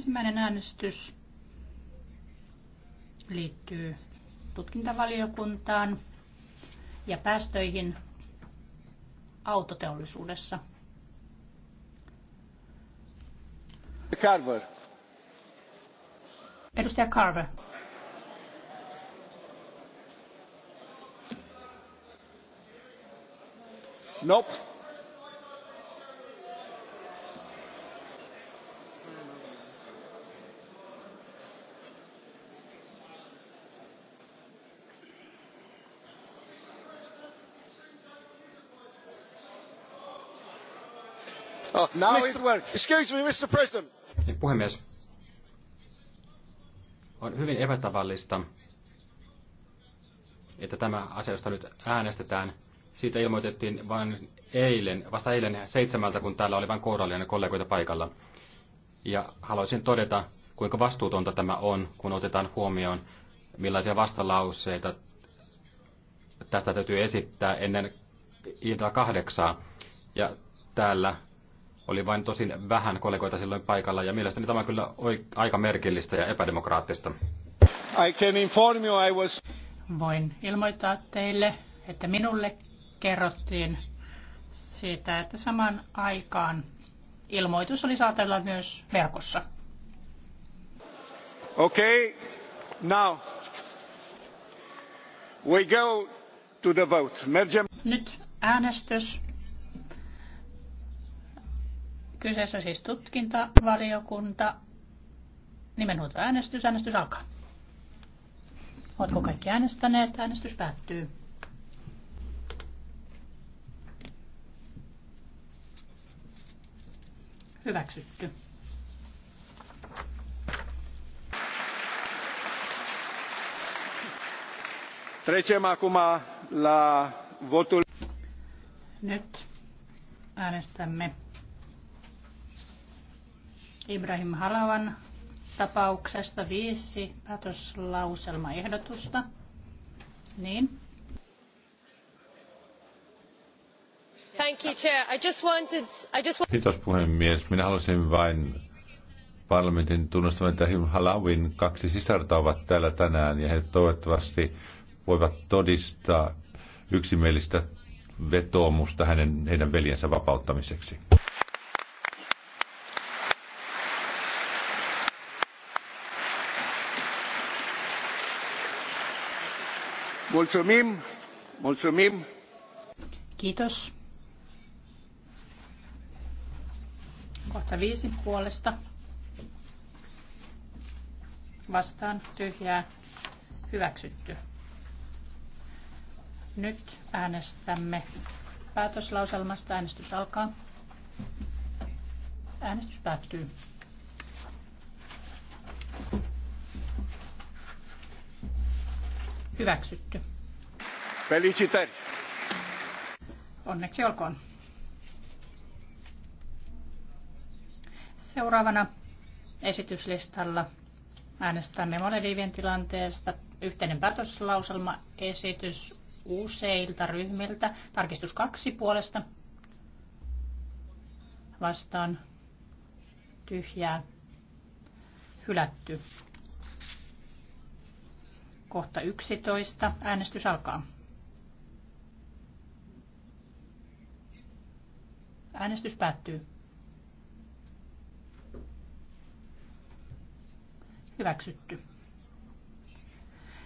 Ensimmäinen äänestys liittyy tutkintavaliokuntaan ja päästöihin autoteollisuudessa. Carver. Edustaja Carver. Nope. Mr. Niin, puhemies, on hyvin epätavallista, että tämä asia, josta nyt äänestetään, siitä ilmoitettiin vain eilen, vasta eilen seitsemältä, kun täällä oli vain kourallinen kollegoita paikalla. Ja haluaisin todeta, kuinka vastuutonta tämä on, kun otetaan huomioon, millaisia vastalauseita tästä täytyy esittää ennen iltaa kahdeksaa. Ja täällä oli vain tosin vähän kollegoita silloin paikalla ja mielestäni tämä on kyllä aika merkillistä ja epädemokraattista. I can inform you I was... Voin ilmoittaa teille, että minulle kerrottiin siitä, että saman aikaan ilmoitus oli saatella myös verkossa. Okay, now we go to the vote. Merge... Nyt äänestys Kyseessä siis tutkintavaliokunta. Nimenhuuto äänestys. Äänestys alkaa. Oletko kaikki äänestäneet? Äänestys päättyy. Hyväksytty. la votul. Nyt äänestämme Ibrahim Halavan tapauksesta viisi päätöslauselmaehdotusta. Niin. Thank you, Chair. I just wanted, I just Kiitos puhemies. Minä halusin vain parlamentin tunnustamaan, että Halawin kaksi sisarta ovat täällä tänään ja he toivottavasti voivat todistaa yksimielistä vetoomusta hänen, heidän veljensä vapauttamiseksi. Mulțumim! Mulțumim! Kiitos. Kohta viisi puolesta. Vastaan tyhjää. Hyväksytty. Nyt äänestämme päätöslauselmasta. Äänestys alkaa. Äänestys päättyy. Hyväksytty. Felicitări! Onneksi olkoon. Seuraavana esityslistalla äänestämme Malediivien tilanteesta yhteinen päätöslauselmaesitys useilta ryhmiltä. Tarkistus kaksi puolesta vastaan tyhjää hylätty kohta 11. Äänestys alkaa. Äänestys päättyy. Hyväksytty.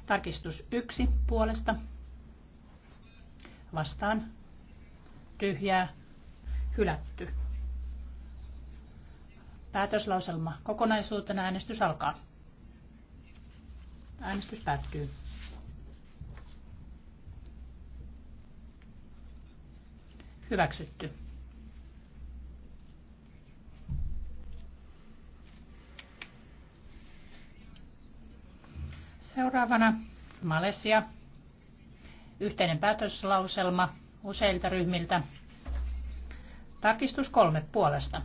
Tarkistus 1 puolesta. Vastaan. Tyhjää. Hylätty. Päätöslauselma kokonaisuutena äänestys alkaa. Äänestys päättyy. Hyväksytty. Seuraavana Malesia. Yhteinen päätöslauselma useilta ryhmiltä. Tarkistus kolme puolesta.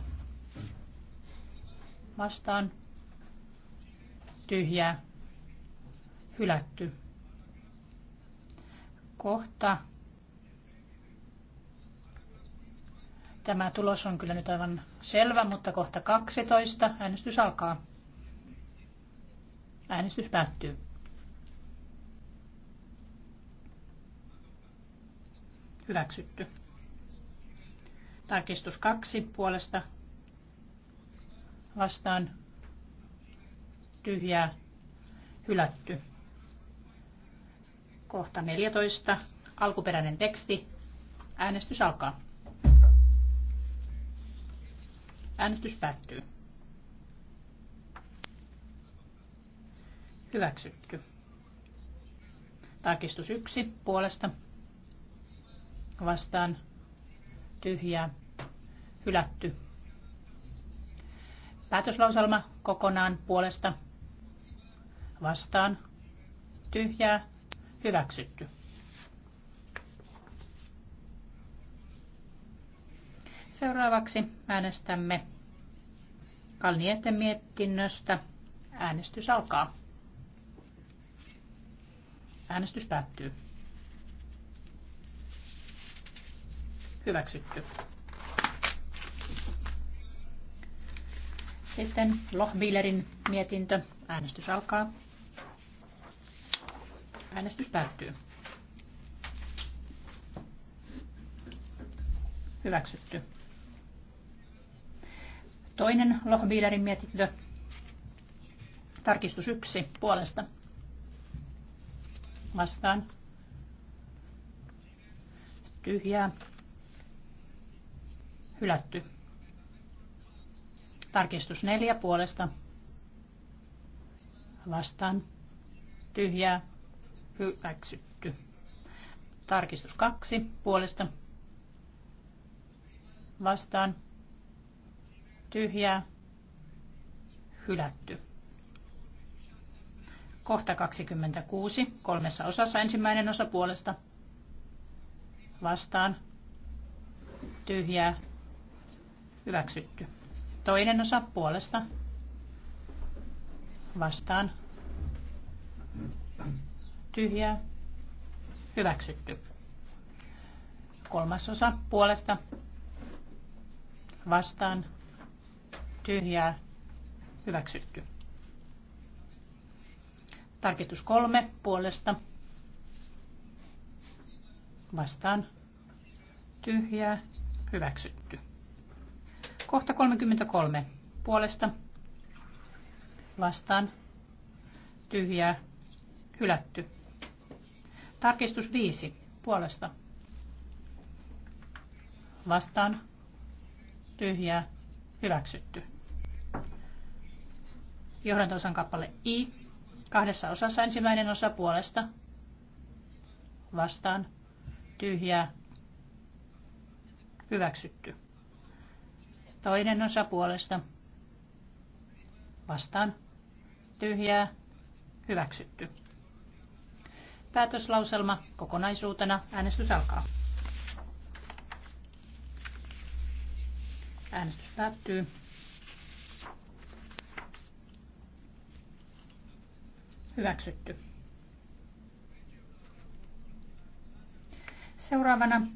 Vastaan. Tyhjää hylätty. Kohta. Tämä tulos on kyllä nyt aivan selvä, mutta kohta 12. Äänestys alkaa. Äänestys päättyy. Hyväksytty. Tarkistus kaksi puolesta vastaan tyhjää hylätty. Kohta 14. Alkuperäinen teksti. Äänestys alkaa. Äänestys päättyy. Hyväksytty. Tarkistus 1 puolesta. Vastaan tyhjää. Hylätty. Päätöslauselma kokonaan puolesta. Vastaan tyhjää. Hyväksytty. Seuraavaksi äänestämme Kalnieten mietinnöstä. Äänestys alkaa. Äänestys päättyy. Hyväksytty. Sitten Lohbielerin mietintö. Äänestys alkaa. Äänestys päättyy. Hyväksytty. Toinen Lohbiilerin mietintö. Tarkistus yksi puolesta. Vastaan. Tyhjää. Hylätty. Tarkistus neljä puolesta. Vastaan. Tyhjää hyväksytty. Tarkistus kaksi puolesta vastaan tyhjää hylätty. Kohta 26, kolmessa osassa ensimmäinen osa puolesta vastaan tyhjää hyväksytty. Toinen osa puolesta vastaan tyhjää, hyväksytty. Kolmasosa puolesta, vastaan, tyhjää, hyväksytty. Tarkistus kolme puolesta, vastaan, tyhjää, hyväksytty. Kohta 33 puolesta, vastaan, tyhjää, hylätty. Tarkistus 5 puolesta. Vastaan. Tyhjää. Hyväksytty. Johdantosan kappale I. Kahdessa osassa ensimmäinen osa puolesta. Vastaan. Tyhjää. Hyväksytty. Toinen osa puolesta. Vastaan. Tyhjää. Hyväksytty. Päätöslauselma kokonaisuutena. Äänestys alkaa. Äänestys päättyy. Hyväksytty. Seuraavana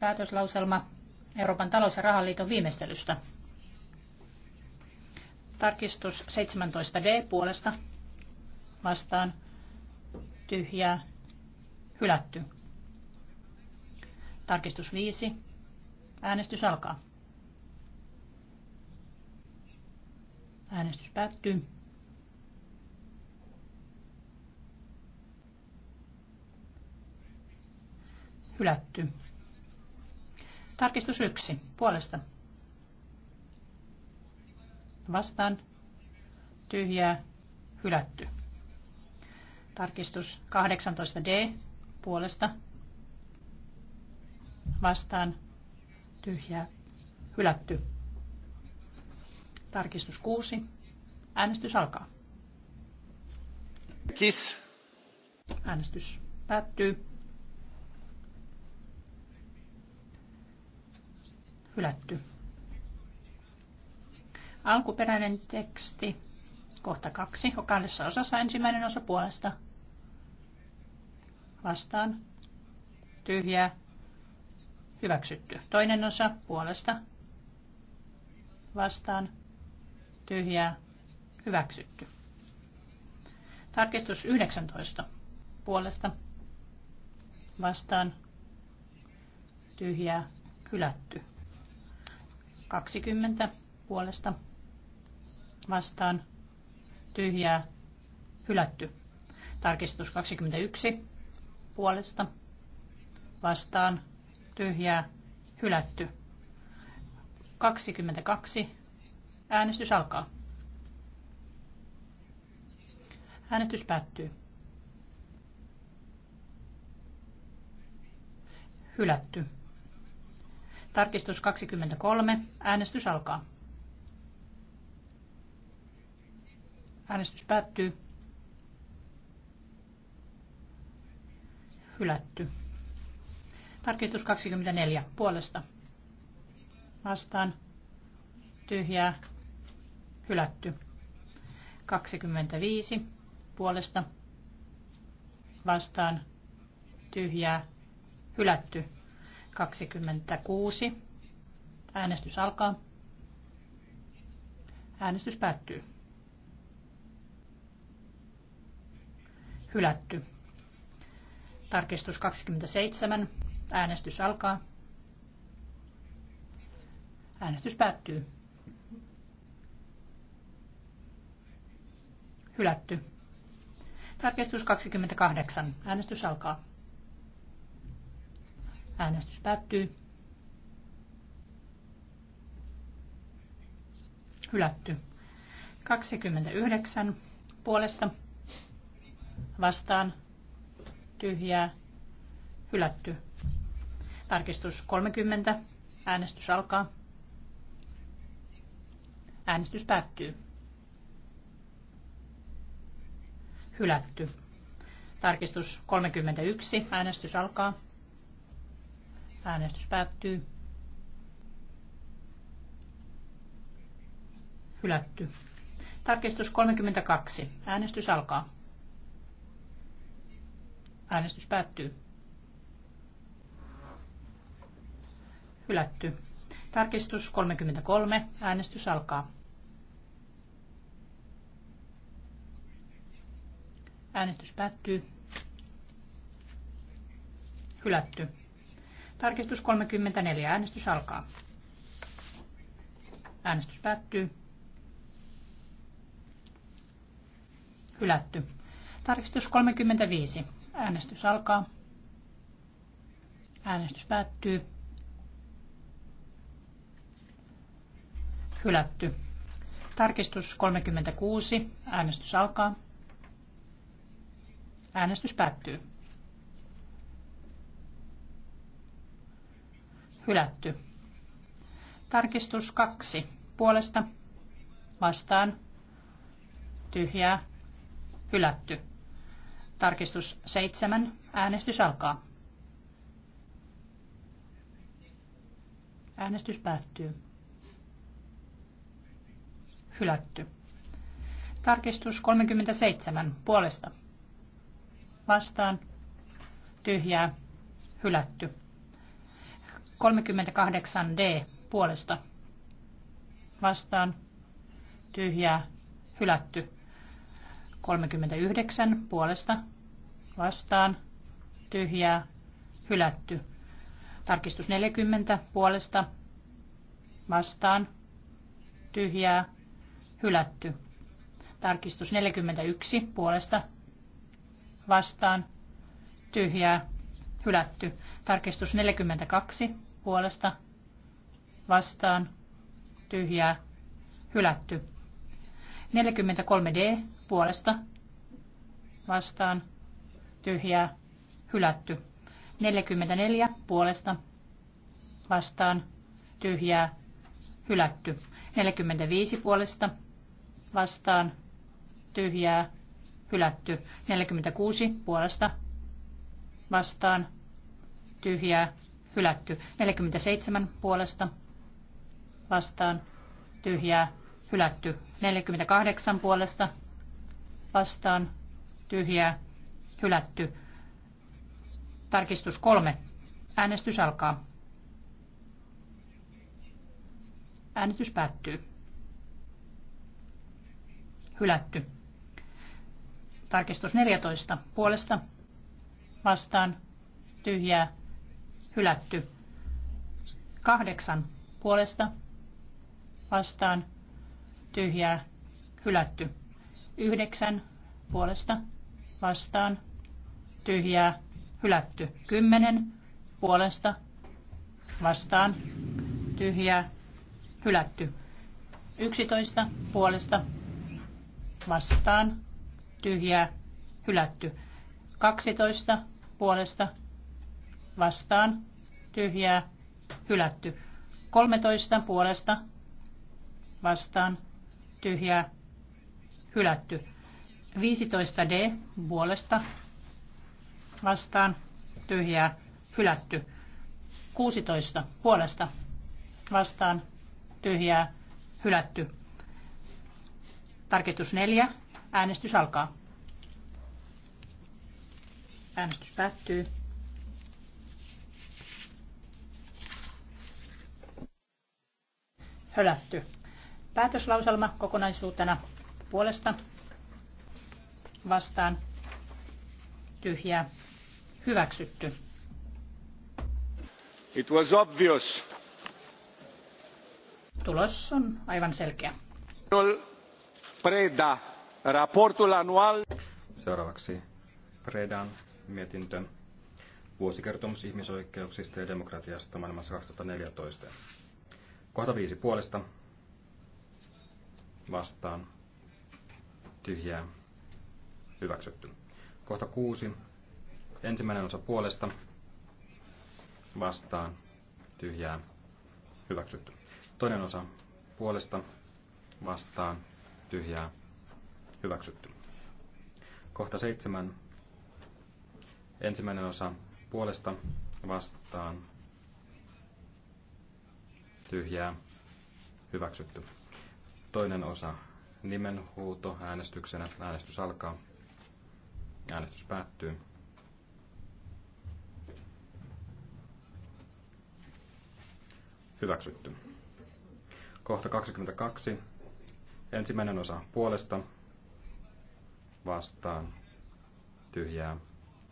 päätöslauselma Euroopan talous- ja rahaliiton viimeistelystä. Tarkistus 17d puolesta vastaan tyhjää, hylätty. Tarkistus 5. Äänestys alkaa. Äänestys päättyy. Hylätty. Tarkistus 1. Puolesta. Vastaan. Tyhjää. Hylätty. Tarkistus 18D puolesta vastaan tyhjää hylätty. Tarkistus 6. Äänestys alkaa. Kiss. Äänestys päättyy. Hylätty. Alkuperäinen teksti, kohta kaksi, kahdessa osassa ensimmäinen osa puolesta vastaan, tyhjää, hyväksytty. Toinen osa puolesta, vastaan, tyhjää, hyväksytty. Tarkistus 19 puolesta, vastaan, tyhjää, hylätty. 20 puolesta, vastaan, tyhjää, hylätty. Tarkistus 21 puolesta vastaan tyhjää hylätty. 22. Äänestys alkaa. Äänestys päättyy. Hylätty. Tarkistus 23. Äänestys alkaa. Äänestys päättyy. hylätty. Tarkistus 24 puolesta. Vastaan. Tyhjää. Hylätty. 25 puolesta. Vastaan. Tyhjää. Hylätty. 26. Äänestys alkaa. Äänestys päättyy. Hylätty. Tarkistus 27. Äänestys alkaa. Äänestys päättyy. Hylätty. Tarkistus 28. Äänestys alkaa. Äänestys päättyy. Hylätty. 29. Puolesta. Vastaan tyhjää, hylätty. Tarkistus 30. Äänestys alkaa. Äänestys päättyy. Hylätty. Tarkistus 31. Äänestys alkaa. Äänestys päättyy. Hylätty. Tarkistus 32. Äänestys alkaa. Äänestys päättyy. Hylätty. Tarkistus 33. Äänestys alkaa. Äänestys päättyy. Hylätty. Tarkistus 34. Äänestys alkaa. Äänestys päättyy. Hylätty. Tarkistus 35. Äänestys alkaa. Äänestys päättyy. Hylätty. Tarkistus 36. Äänestys alkaa. Äänestys päättyy. Hylätty. Tarkistus 2. Puolesta. Vastaan. Tyhjää. Hylätty. Tarkistus 7. Äänestys alkaa. Äänestys päättyy. Hylätty. Tarkistus 37. Puolesta. Vastaan. Tyhjää. Hylätty. 38 D. Puolesta. Vastaan. Tyhjää. Hylätty. 39 puolesta vastaan tyhjää hylätty. Tarkistus 40 puolesta vastaan tyhjää hylätty. Tarkistus 41 puolesta vastaan tyhjää hylätty. Tarkistus 42 puolesta vastaan tyhjää hylätty. 43D puolesta vastaan tyhjää hylätty. 44 puolesta vastaan tyhjää hylätty. 45 puolesta vastaan tyhjää hylätty. 46 puolesta vastaan tyhjää hylätty. 47 puolesta vastaan tyhjää hylätty. 48 puolesta vastaan tyhjää hylätty. Tarkistus kolme. Äänestys alkaa. Äänestys päättyy. Hylätty. Tarkistus 14. Puolesta vastaan tyhjää hylätty. Kahdeksan puolesta vastaan tyhjää hylätty. 9 puolesta vastaan tyhjää hylätty. 10 puolesta vastaan tyhjää hylätty. 11 puolesta vastaan tyhjää hylätty. 12 puolesta vastaan tyhjää hylätty. 13 puolesta vastaan tyhjää hylätty. 15D puolesta vastaan tyhjää hylätty. 16 puolesta vastaan tyhjää hylätty. Tarkistus 4. Äänestys alkaa. Äänestys päättyy. Hylätty. Päätöslauselma kokonaisuutena puolesta vastaan tyhjää hyväksytty. It was obvious. Tulos on aivan selkeä. Preda, raportul anual. Seuraavaksi Predan mietintö. Vuosikertomus ihmisoikeuksista ja demokratiasta maailmassa 2014. Kohta viisi puolesta vastaan tyhjää hyväksytty. Kohta kuusi. Ensimmäinen osa puolesta vastaan tyhjää hyväksytty. Toinen osa puolesta vastaan tyhjää hyväksytty. Kohta seitsemän. Ensimmäinen osa puolesta vastaan tyhjää hyväksytty. Toinen osa nimenhuuto äänestyksenä. Äänestys alkaa. Äänestys päättyy. Hyväksytty. Kohta 22. Ensimmäinen osa puolesta vastaan tyhjää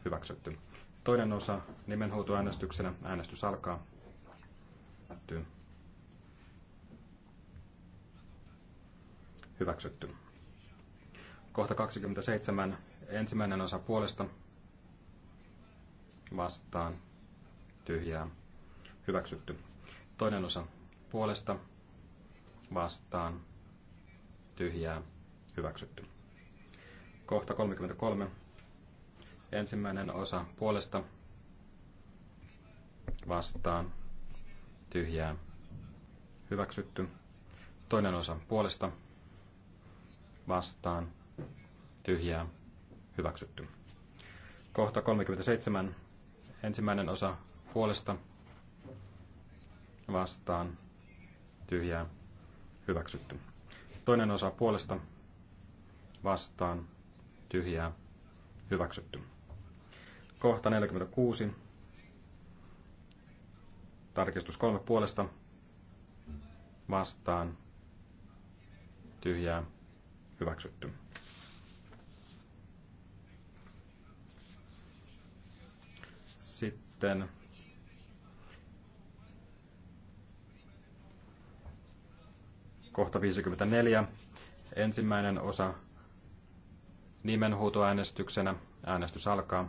hyväksytty. Toinen osa nimenhuutoäänestyksenä. Äänestys alkaa. Päättyy. hyväksytty. Kohta 27. Ensimmäinen osa puolesta vastaan tyhjää hyväksytty. Toinen osa puolesta vastaan tyhjää hyväksytty. Kohta 33. Ensimmäinen osa puolesta vastaan tyhjää hyväksytty. Toinen osa puolesta vastaan, tyhjää, hyväksytty. Kohta 37, ensimmäinen osa puolesta, vastaan, tyhjää, hyväksytty. Toinen osa puolesta, vastaan, tyhjää, hyväksytty. Kohta 46, tarkistus kolme puolesta, vastaan, tyhjää, hyväksytty. Sitten kohta 54. Ensimmäinen osa nimenhuutoäänestyksenä. Äänestys alkaa.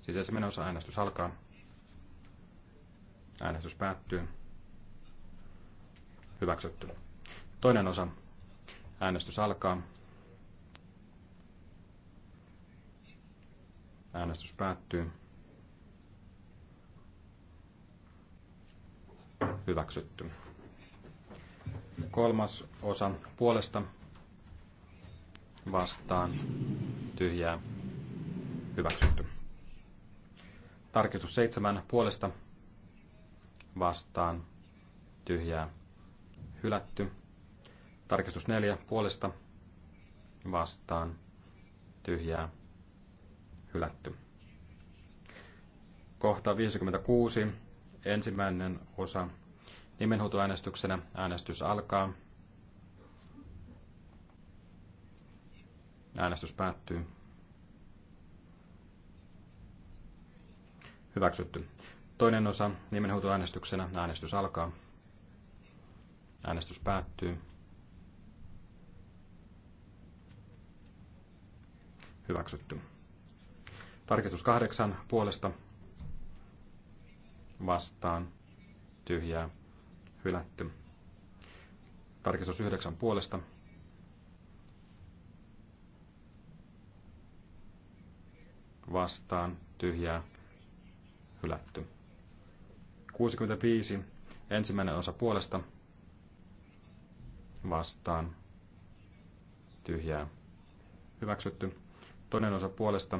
Siis ensimmäinen osa äänestys alkaa. Äänestys päättyy. Hyväksytty. Toinen osa. Äänestys alkaa. Äänestys päättyy. Hyväksytty. Kolmas osa puolesta vastaan tyhjää hyväksytty. Tarkistus seitsemän puolesta vastaan tyhjää hylätty. Tarkistus neljä puolesta vastaan tyhjää hylätty. Kohta 56, ensimmäinen osa. Nimenhuutoäänestyksenä äänestys alkaa. Äänestys päättyy. Hyväksytty. Toinen osa nimenhuutoäänestyksenä äänestys alkaa. Äänestys päättyy. Hyväksytty. Tarkistus kahdeksan puolesta vastaan tyhjää hylätty. Tarkistus yhdeksän puolesta vastaan tyhjää hylätty. 65. Ensimmäinen osa puolesta vastaan tyhjää hyväksytty. Toinen osa puolesta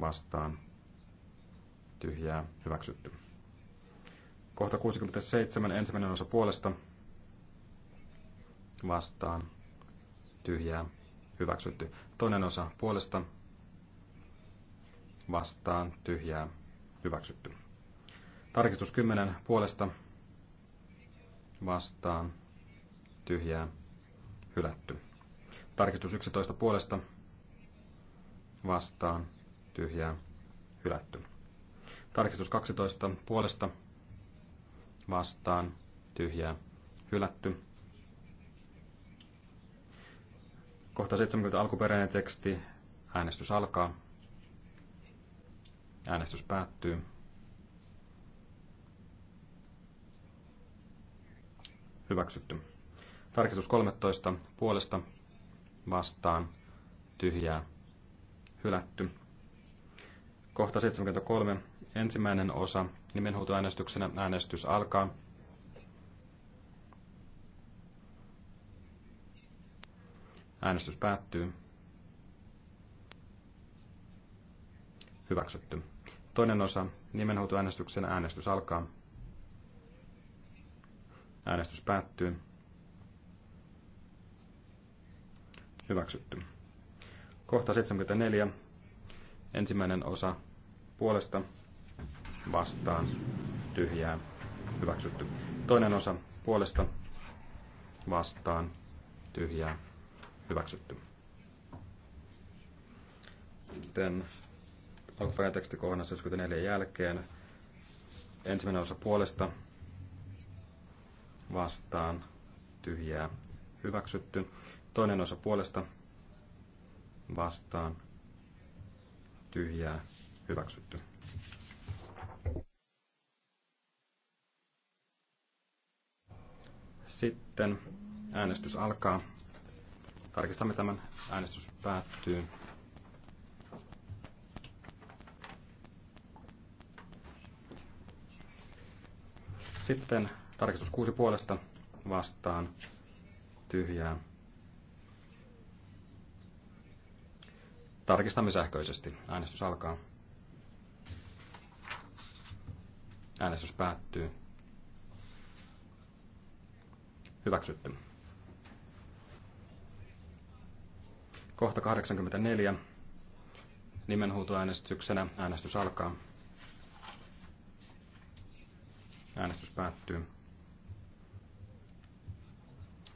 vastaan tyhjää hyväksytty. Kohta 67 ensimmäinen osa puolesta vastaan tyhjää hyväksytty. Toinen osa puolesta vastaan tyhjää hyväksytty. Tarkistus 10 puolesta vastaan tyhjää hylätty. Tarkistus 11 puolesta vastaan tyhjää hylätty. Tarkistus 12 puolesta vastaan tyhjää hylätty. Kohta 70 alkuperäinen teksti. Äänestys alkaa. Äänestys päättyy. Hyväksytty. Tarkistus 13 puolesta vastaan tyhjää hylätty. Kohta 73. Ensimmäinen osa. Nimenhuutoäänestyksenä äänestys alkaa. Äänestys päättyy. Hyväksytty. Toinen osa. Nimenhuutoäänestyksen äänestys alkaa. Äänestys päättyy. Hyväksytty. Kohta 74. Ensimmäinen osa puolesta vastaan tyhjää. Hyväksytty. Toinen osa puolesta vastaan tyhjää. Hyväksytty. Sitten alkuperäteksti kohdassa 74 jälkeen. Ensimmäinen osa puolesta vastaan tyhjää hyväksytty. Toinen osa puolesta vastaan tyhjää hyväksytty. Sitten äänestys alkaa. Tarkistamme tämän. Äänestys päättyy. Sitten tarkistus kuusi puolesta vastaan tyhjää Tarkistamme sähköisesti. Äänestys alkaa. Äänestys päättyy. Hyväksytty. Kohta 84. Nimenhuutoäänestyksenä äänestys alkaa. Äänestys päättyy.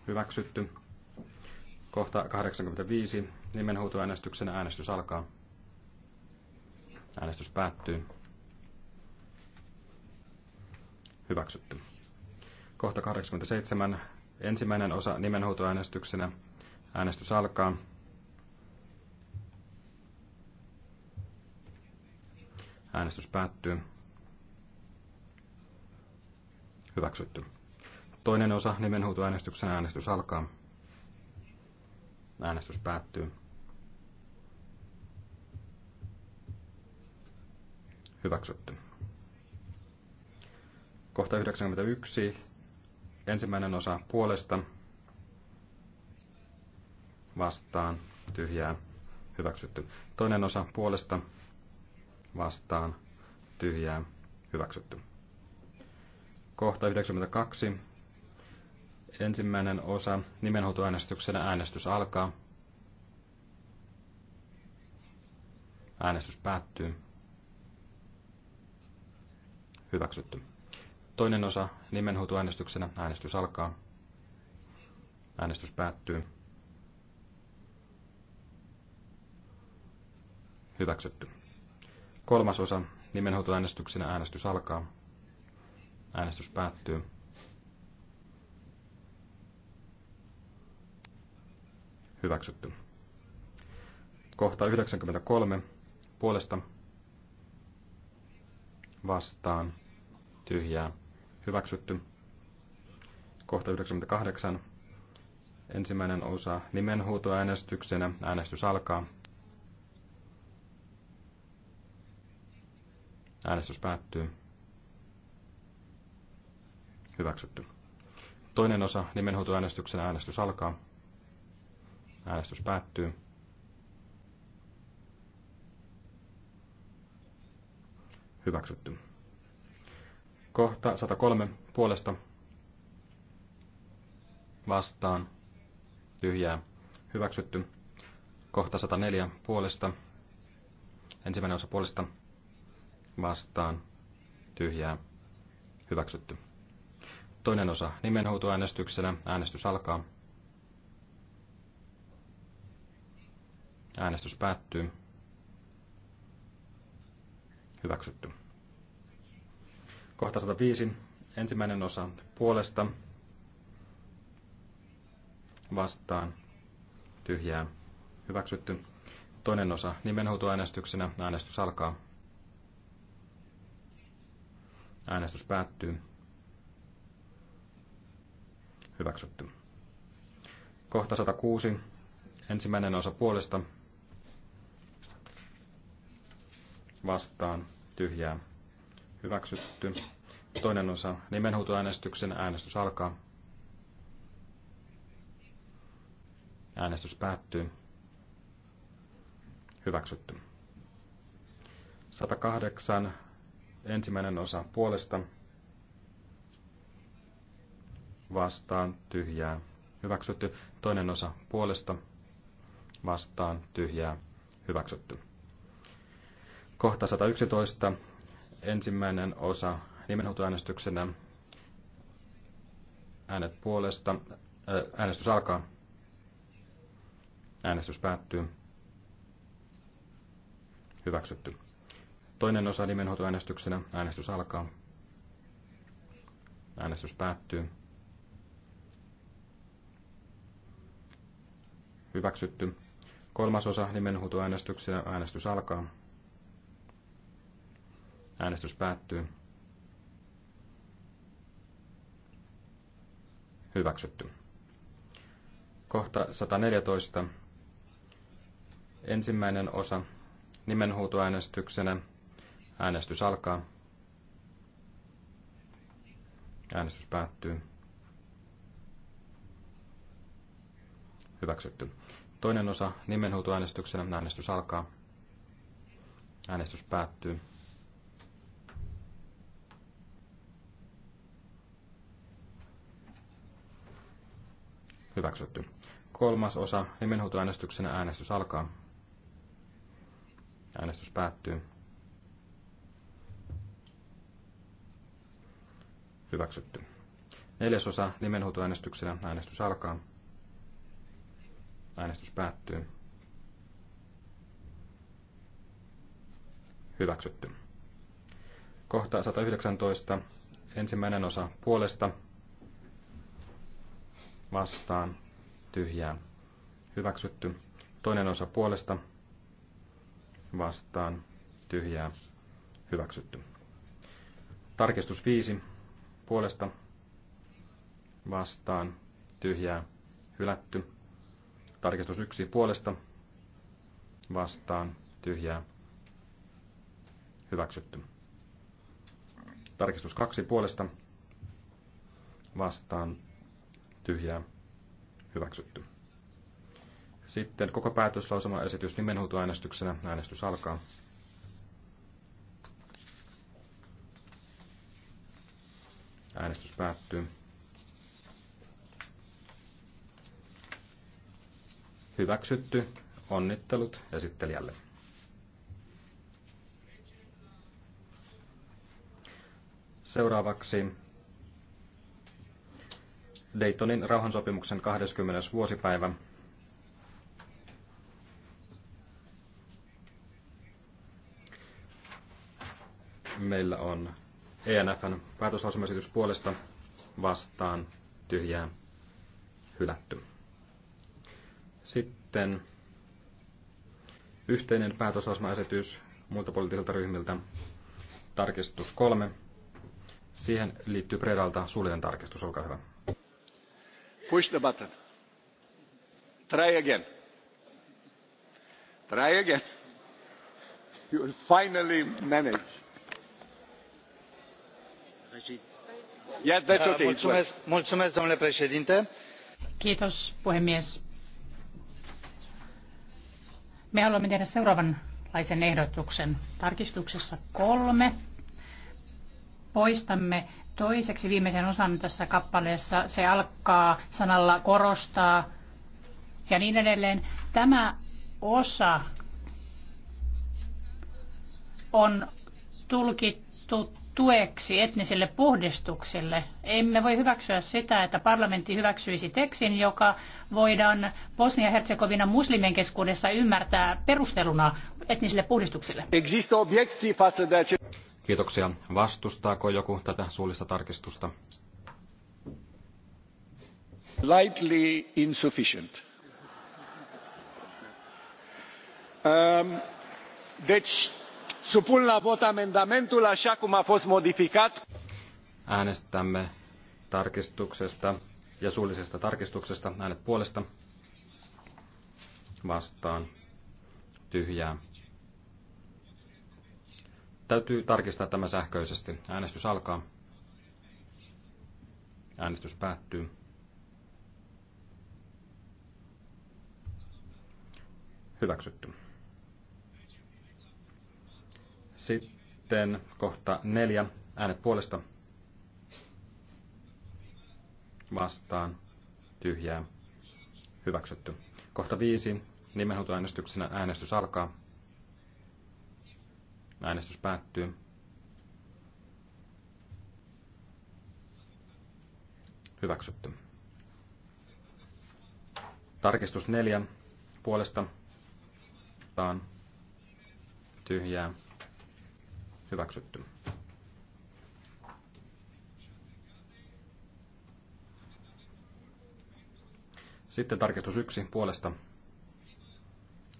Hyväksytty. Kohta 85. Nimenhuutoäänestyksenä äänestys alkaa. Äänestys päättyy. Hyväksytty. Kohta 87. Ensimmäinen osa nimenhuutoäänestyksenä. Äänestys alkaa. Äänestys päättyy. Hyväksytty. Toinen osa nimenhuutoäänestyksen äänestys alkaa. Äänestys päättyy. Hyväksytty. Kohta 91. Ensimmäinen osa puolesta. Vastaan. Tyhjää. Hyväksytty. Toinen osa puolesta. Vastaan. Tyhjää. Hyväksytty. Kohta 92. Ensimmäinen osa nimenhuutoäänestyksenä äänestys alkaa. Äänestys päättyy. Hyväksytty. Toinen osa nimenhuutoäänestyksenä. Äänestys alkaa. Äänestys päättyy. Hyväksytty. Kolmas osa nimenhuutoäänestyksenä. Äänestys alkaa. Äänestys päättyy. Hyväksytty. Kohta 93. Puolesta vastaan tyhjää hyväksytty. Kohta 98. Ensimmäinen osa nimenhuutoäänestyksenä. Äänestys alkaa. Äänestys päättyy. Hyväksytty. Toinen osa nimenhuutoäänestyksenä. äänestys alkaa. Äänestys päättyy. Hyväksytty. Kohta 103 puolesta vastaan tyhjää hyväksytty. Kohta 104 puolesta ensimmäinen osa puolesta vastaan tyhjää hyväksytty. Toinen osa nimenhuutoäänestyksenä. Äänestys alkaa. Äänestys päättyy. Hyväksytty. Kohta 105. Ensimmäinen osa puolesta vastaan tyhjää hyväksytty. Toinen osa nimenhuutoäänestyksenä. Äänestys alkaa. Äänestys päättyy. Hyväksytty. Kohta 106. Ensimmäinen osa puolesta vastaan tyhjää Hyväksytty. Toinen osa nimenhuutoäänestyksen äänestys alkaa. Äänestys päättyy. Hyväksytty. 108. Ensimmäinen osa puolesta. Vastaan tyhjää. Hyväksytty. Toinen osa puolesta. Vastaan tyhjää. Hyväksytty. Kohta 111. Ensimmäinen osa nimenhuutoäänestyksenä. Äänet puolesta. Äänestys alkaa. Äänestys päättyy. Hyväksytty. Toinen osa nimenhuutoäänestyksenä. Äänestys alkaa. Äänestys päättyy. Hyväksytty. Kolmas osa nimenhuutoäänestyksenä. Äänestys alkaa. Äänestys päättyy. Hyväksytty. Kohta 114. Ensimmäinen osa nimenhuutoäänestyksenä. Äänestys alkaa. Äänestys päättyy. Hyväksytty. Toinen osa nimenhuutoäänestyksenä. Äänestys alkaa. Äänestys päättyy. Hyväksytty. Kolmas osa. Nimenhuutoäänestyksenä äänestys alkaa. Äänestys päättyy. Hyväksytty. Neljäs osa. Nimenhuutoäänestyksenä äänestys alkaa. Äänestys päättyy. Hyväksytty. Kohta 119. Ensimmäinen osa puolesta vastaan, tyhjää, hyväksytty. Toinen osa puolesta, vastaan, tyhjää, hyväksytty. Tarkistus 5, puolesta, vastaan, tyhjää, hylätty. Tarkistus 1, puolesta, vastaan, tyhjää, hyväksytty. Tarkistus 2, puolesta, vastaan, tyhjää hyväksytty. Sitten koko päätöslausuma esitys nimenhuutoäänestyksenä. Äänestys alkaa. Äänestys päättyy. Hyväksytty. Onnittelut esittelijälle. Seuraavaksi Daytonin rauhansopimuksen 20. vuosipäivä. Meillä on ENFn päätöslausumaisitys puolesta vastaan tyhjää hylätty. Sitten yhteinen päätöslausumaisitys muilta poliittisilta ryhmiltä. Tarkistus kolme. Siihen liittyy Predalta suljen tarkistus, olkaa hyvä push the button. Try again. Try again. You will finally manage. Yeah, that's okay. Mulțumesc, mulțumesc, domnule președinte. Kiitos, puhemies. Me haluamme tehdä seuraavanlaisen ehdotuksen. Tarkistuksessa kolme poistamme toiseksi viimeisen osan tässä kappaleessa. Se alkaa sanalla korostaa ja niin edelleen. Tämä osa on tulkittu tueksi etnisille puhdistuksille. Emme voi hyväksyä sitä, että parlamentti hyväksyisi tekstin, joka voidaan Bosnia-Herzegovinan muslimien keskuudessa ymmärtää perusteluna etnisille puhdistuksille. Kiitoksia. Vastustaako joku tätä suullista tarkistusta? Lightly insufficient. Um, deci, supun la vot amendamentul așa cum a fost modificat. Äänestämme tarkistuksesta ja suullisesta tarkistuksesta äänet puolesta vastaan tyhjää Täytyy tarkistaa tämä sähköisesti. Äänestys alkaa. Äänestys päättyy. Hyväksytty. Sitten kohta neljä. Äänet puolesta. Vastaan. Tyhjää. Hyväksytty. Kohta viisi. Nimenhoitoäänestyksenä äänestys alkaa. Äänestys päättyy. Hyväksytty. Tarkistus neljä puolesta vastaan tyhjää hyväksytty. Sitten tarkistus yksi puolesta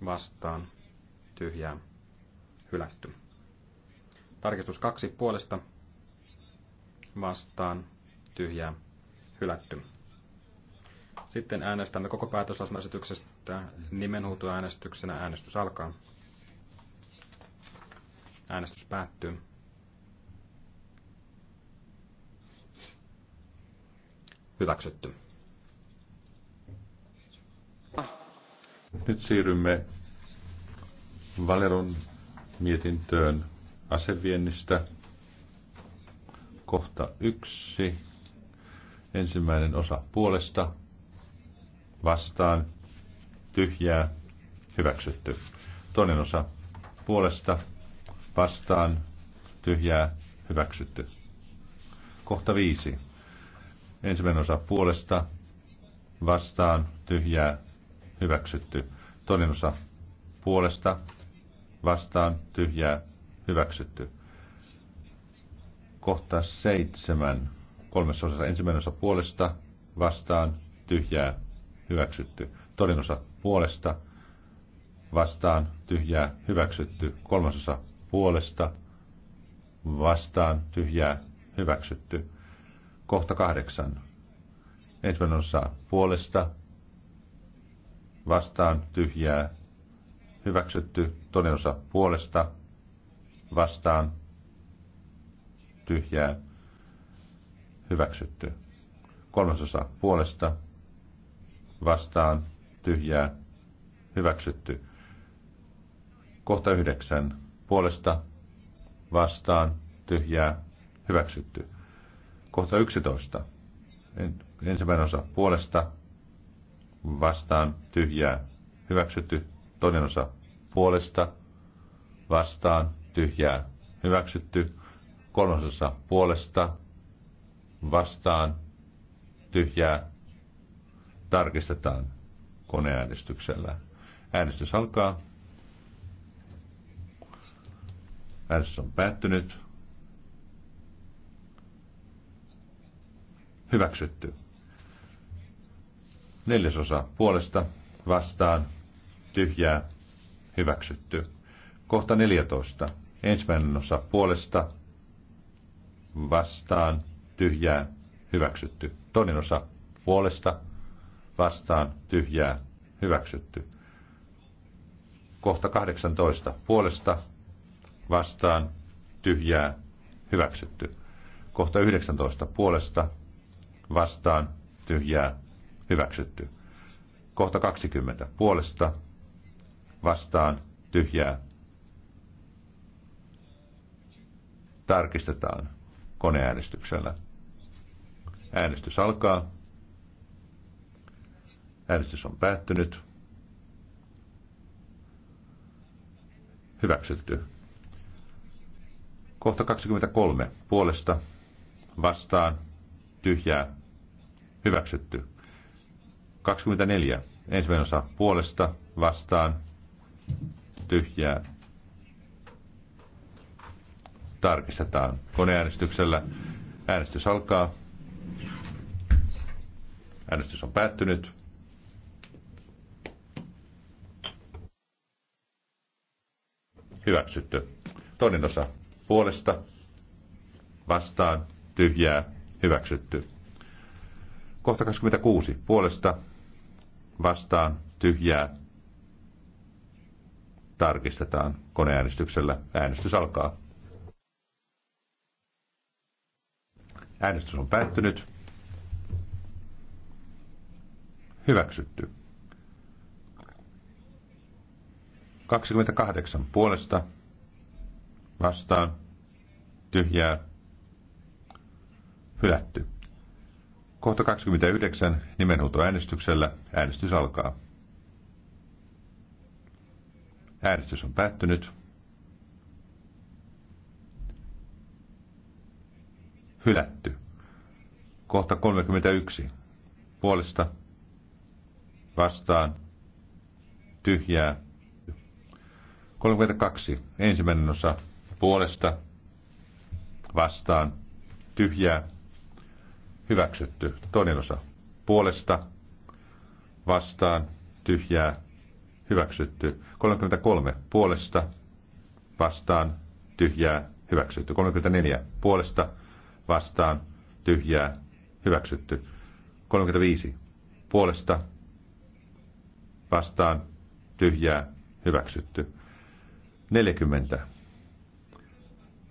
vastaan tyhjää hylätty. Tarkistus kaksi puolesta vastaan tyhjää hylätty. Sitten äänestämme koko päätöslausumaesityksestä nimenhuutoäänestyksenä. Äänestys alkaa. Äänestys päättyy. Hyväksytty. Nyt siirrymme Valeron mietintöön aseviennistä. Kohta yksi. Ensimmäinen osa puolesta. Vastaan. Tyhjää. Hyväksytty. Toinen osa puolesta. Vastaan. Tyhjää. Hyväksytty. Kohta viisi. Ensimmäinen osa puolesta. Vastaan. Tyhjää. Hyväksytty. Toinen osa puolesta. Vastaan. Tyhjää hyväksytty. Kohta seitsemän, kolmessa osassa ensimmäinen osa puolesta, vastaan, tyhjää, hyväksytty. Toinen osa puolesta, vastaan, tyhjää, hyväksytty. Kolmas osa puolesta, vastaan, tyhjää, hyväksytty. Kohta kahdeksan. Ensimmäinen osa puolesta, vastaan, tyhjää, hyväksytty. Toinen osa puolesta, vastaan tyhjää hyväksytty. Kolmasosa puolesta vastaan tyhjää hyväksytty. Kohta yhdeksän puolesta vastaan tyhjää hyväksytty. Kohta yksitoista ensimmäinen osa puolesta vastaan tyhjää hyväksytty. Toinen osa puolesta vastaan tyhjää hyväksytty. kolmasosa puolesta vastaan tyhjää tarkistetaan koneäänestyksellä. Äänestys alkaa. Äänestys on päättynyt. Hyväksytty. Neljäsosa puolesta vastaan tyhjää hyväksytty. Kohta 14. Ensimmäinen osa puolesta vastaan tyhjää hyväksytty. Toinen osa puolesta vastaan tyhjää hyväksytty. Kohta 18 puolesta vastaan tyhjää hyväksytty. Kohta 19 puolesta vastaan tyhjää hyväksytty. Kohta 20 puolesta vastaan tyhjää tarkistetaan koneäänestyksellä. Äänestys alkaa. Äänestys on päättynyt. Hyväksytty. Kohta 23. Puolesta vastaan tyhjää. Hyväksytty. 24. Ensimmäinen osa puolesta vastaan tyhjää tarkistetaan. Koneäänestyksellä äänestys alkaa. Äänestys on päättynyt. Hyväksytty. Toinen osa puolesta, vastaan, tyhjää, hyväksytty. Kohta 26. Puolesta, vastaan, tyhjää, tarkistetaan koneäänestyksellä. Äänestys alkaa. Äänestys on päättynyt. Hyväksytty. 28 puolesta vastaan tyhjää hylätty. Kohta 29 nimenhuutoäänestyksellä. Äänestys alkaa. Äänestys on päättynyt. hylätty. Kohta 31. Puolesta vastaan tyhjää. 32. Ensimmäinen osa puolesta vastaan tyhjää. Hyväksytty. Toinen osa puolesta vastaan tyhjää. Hyväksytty. 33. Puolesta vastaan tyhjää. Hyväksytty. 34. Puolesta vastaan, vastaan tyhjää hyväksytty. 35 puolesta vastaan tyhjää hyväksytty. 40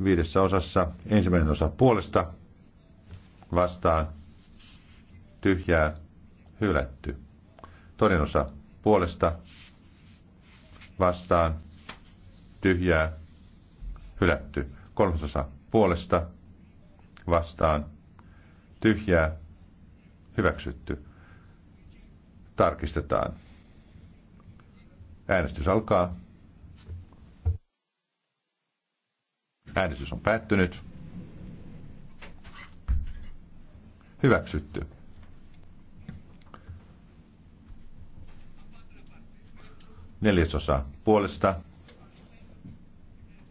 viidessä osassa ensimmäinen osa puolesta vastaan tyhjää hylätty. Toinen osa puolesta vastaan tyhjää hylätty. osa puolesta vastaan tyhjää hyväksytty. Tarkistetaan. Äänestys alkaa. Äänestys on päättynyt. Hyväksytty. Neljäsosa puolesta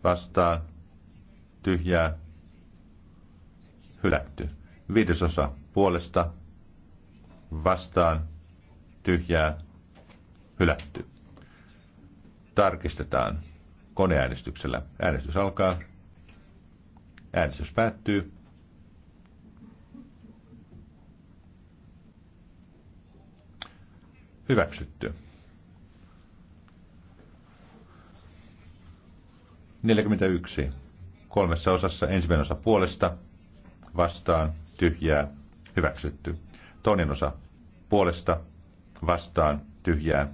vastaan tyhjää hylätty. Viidesosa puolesta vastaan tyhjää hylätty. Tarkistetaan koneäänestyksellä. Äänestys alkaa. Äänestys päättyy. Hyväksytty. 41. Kolmessa osassa ensimmäinen osa puolesta vastaan, tyhjää, hyväksytty. Toinen osa puolesta, vastaan, tyhjää,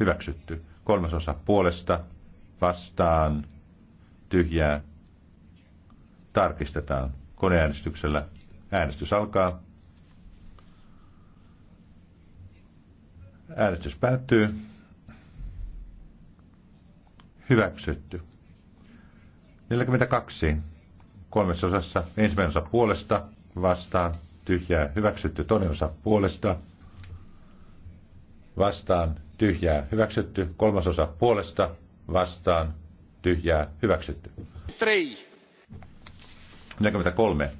hyväksytty. Kolmas osa puolesta, vastaan, tyhjää, tarkistetaan koneäänestyksellä. Äänestys alkaa. Äänestys päättyy. Hyväksytty. 42 kolmessa osassa. Ensimmäinen osa puolesta, vastaan, tyhjää, hyväksytty. Toinen osa puolesta, vastaan, tyhjää, hyväksytty. Kolmas osa puolesta, vastaan, tyhjää, hyväksytty. 3. 43.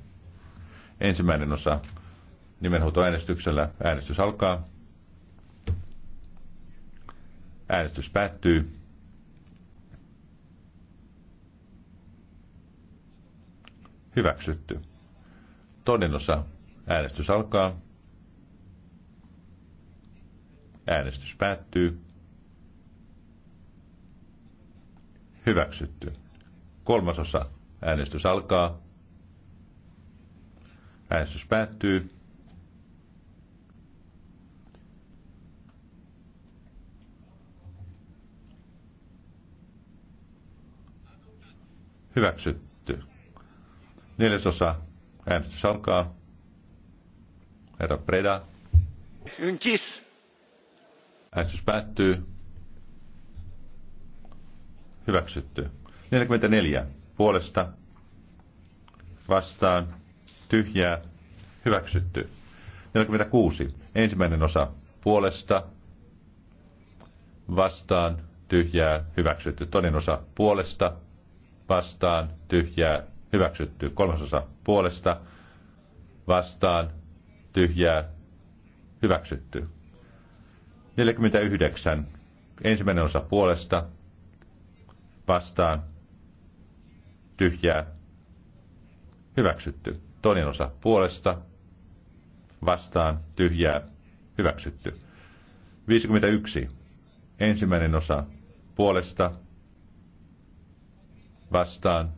Ensimmäinen osa nimenhuutoäänestyksellä. Äänestys alkaa. Äänestys päättyy. Hyväksytty. Toinen osa. Äänestys alkaa. Äänestys päättyy. Hyväksytty. Kolmas osa. Äänestys alkaa. Äänestys päättyy. Hyväksytty Neljäsosa. Äänestys alkaa. Herra Preda. Ynkis. Äänestys päättyy. Hyväksytty. 44. Puolesta. Vastaan. Tyhjää. Hyväksytty. 46. Ensimmäinen osa. Puolesta. Vastaan. Tyhjää. Hyväksytty. Toinen osa. Puolesta. Vastaan. Tyhjää hyväksytty. Kolmasosa puolesta vastaan tyhjää hyväksytty. 49. Ensimmäinen osa puolesta vastaan tyhjää hyväksytty. Toinen osa puolesta vastaan tyhjää hyväksytty. 51. Ensimmäinen osa puolesta vastaan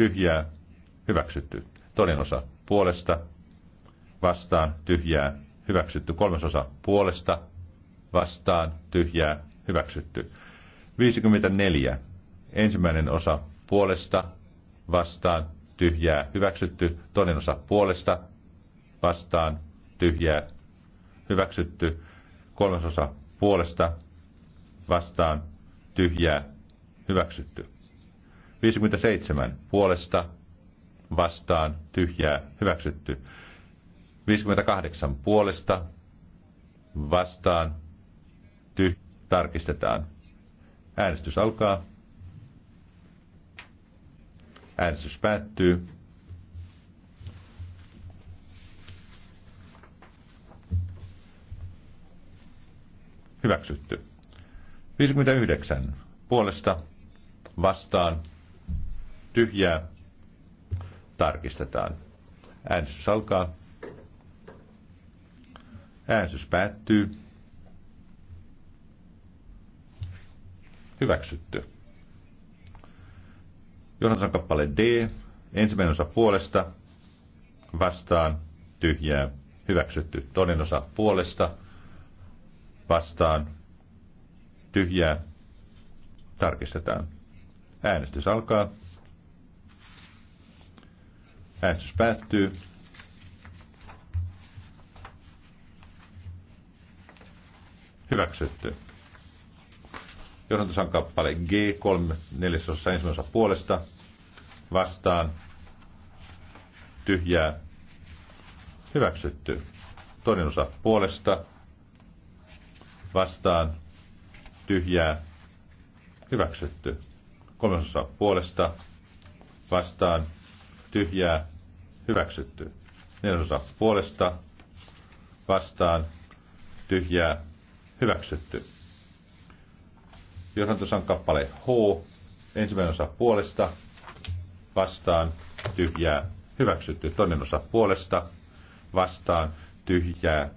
tyhjää, hyväksytty. Toinen osa puolesta, vastaan, tyhjää, hyväksytty. kolmas osa puolesta, vastaan, tyhjää, hyväksytty. 54. Ensimmäinen osa puolesta, vastaan, tyhjää, hyväksytty. Toinen osa puolesta, vastaan, tyhjää, hyväksytty. kolmas osa puolesta, vastaan, tyhjää, hyväksytty. 57 puolesta vastaan tyhjää hyväksytty. 58 puolesta vastaan tyhjää tarkistetaan. Äänestys alkaa. Äänestys päättyy. Hyväksytty. 59 puolesta vastaan tyhjää. Tarkistetaan. Äänestys alkaa. Äänestys päättyy. Hyväksytty. Johansan kappale D. Ensimmäinen osa puolesta. Vastaan. Tyhjää. Hyväksytty. Toinen osa puolesta. Vastaan. Tyhjää. Tarkistetaan. Äänestys alkaa. Äänestys päättyy. Hyväksytty. Johdantosan kappale G3 neljäsosassa ensimmäisessä puolesta vastaan tyhjää hyväksytty. Toinen osa puolesta vastaan tyhjää hyväksytty. Kolmas osa puolesta vastaan tyhjää, hyväksytty. Neljäsosa puolesta, vastaan, tyhjää, hyväksytty. on on kappale H, ensimmäinen osa puolesta, vastaan, tyhjää, hyväksytty. Toinen osa puolesta, vastaan, tyhjää,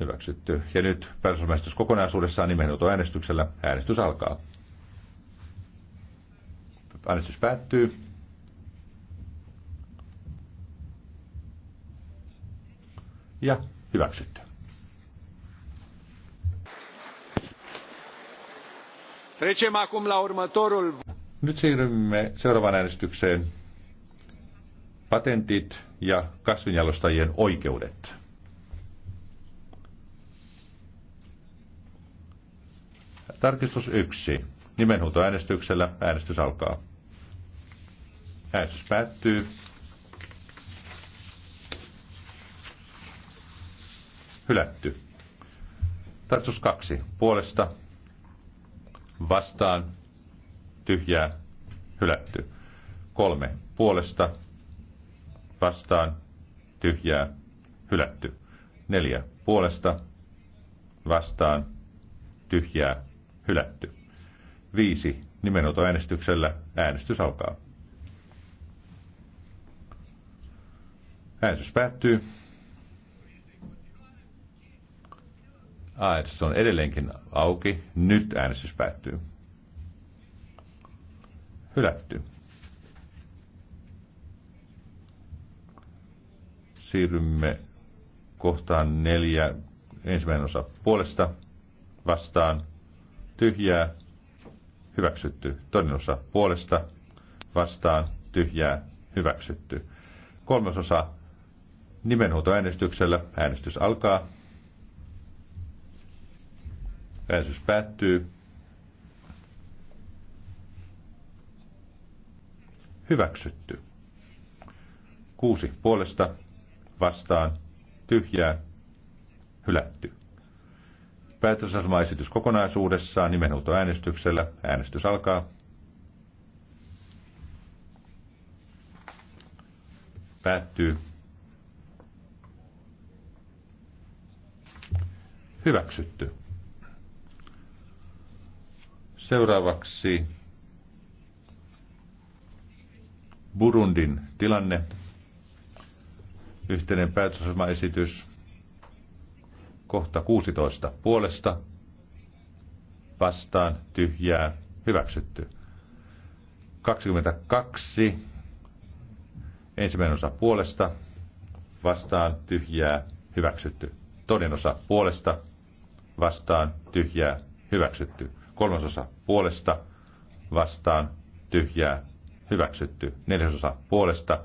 hyväksytty. Ja nyt perusmäistys kokonaisuudessaan nimenhuuto äänestyksellä. Äänestys alkaa. Äänestys päättyy. ja hyväksytty. Nyt siirrymme seuraavaan äänestykseen. Patentit ja kasvinjalostajien oikeudet. Tarkistus 1. Nimenhuutoäänestyksellä äänestys alkaa. Äänestys päättyy. hylätty. Tarkoitus kaksi. Puolesta vastaan tyhjää hylätty. Kolme. Puolesta vastaan tyhjää hylätty. Neljä. Puolesta vastaan tyhjää hylätty. Viisi. Nimenhuutoäänestyksellä äänestys alkaa. Äänestys päättyy. Äänestys on edelleenkin auki. Nyt äänestys päättyy. Hylätty. Siirrymme kohtaan neljä. Ensimmäinen osa puolesta vastaan. Tyhjää. Hyväksytty. Toinen osa puolesta vastaan. Tyhjää. Hyväksytty. Kolmas osa nimenhuutoäänestyksellä. Äänestys alkaa. Äänestys päättyy. Hyväksytty. Kuusi puolesta vastaan tyhjää hylätty. Päätösasemaesitys kokonaisuudessaan nimenhuutoäänestyksellä. Äänestys alkaa. Päättyy. Hyväksytty. Seuraavaksi Burundin tilanne. Yhteinen päätösosmaesitys, Kohta 16 puolesta. Vastaan tyhjää hyväksytty. 22. Ensimmäinen osa puolesta. Vastaan tyhjää hyväksytty. Toinen osa puolesta. Vastaan tyhjää hyväksytty kolmasosa puolesta vastaan tyhjää hyväksytty. Neljäsosa puolesta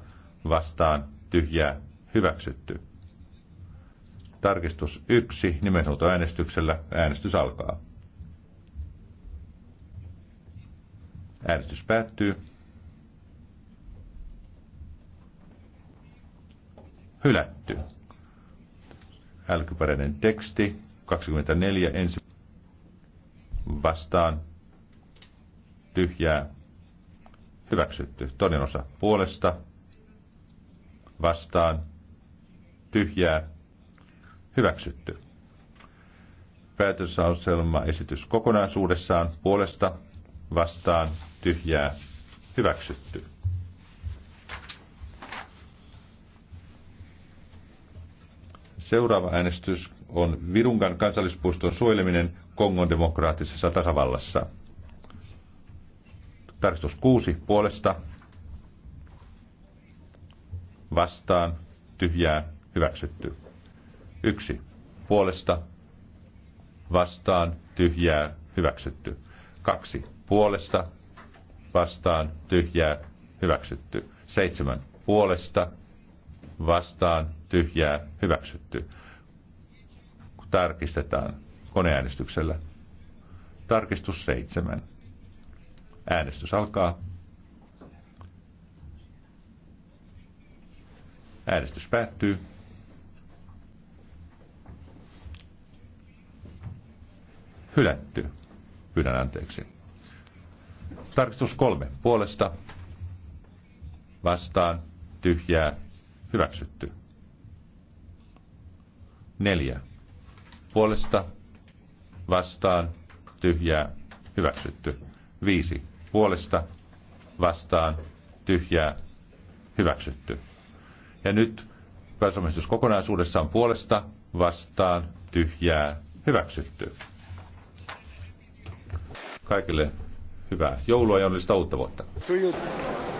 vastaan tyhjää hyväksytty. Tarkistus 1 nimenhuutoäänestyksellä. Äänestys alkaa. Äänestys päättyy. Hylätty. Älkypäräinen teksti 24 ensi vastaan, tyhjää, hyväksytty. Toinen osa puolesta, vastaan, tyhjää, hyväksytty. Päätösauselma esitys kokonaisuudessaan puolesta, vastaan, tyhjää, hyväksytty. Seuraava äänestys on Virungan kansallispuiston suojeleminen Kongon demokraattisessa tasavallassa. Tarkistus 6 puolesta vastaan tyhjää hyväksytty. 1 puolesta vastaan tyhjää hyväksytty. 2 puolesta vastaan tyhjää hyväksytty. 7 puolesta vastaan tyhjää hyväksytty. Tarkistetaan koneäänestyksellä. Tarkistus seitsemän. Äänestys alkaa. Äänestys päättyy. Hylätty. Pyydän anteeksi. Tarkistus kolme. Puolesta. Vastaan. Tyhjää. Hyväksytty. Neljä. Puolesta vastaan, tyhjää, hyväksytty. Viisi puolesta, vastaan, tyhjää, hyväksytty. Ja nyt pääsomistus kokonaisuudessaan puolesta, vastaan, tyhjää, hyväksytty. Kaikille hyvää joulua ja onnellista uutta vuotta.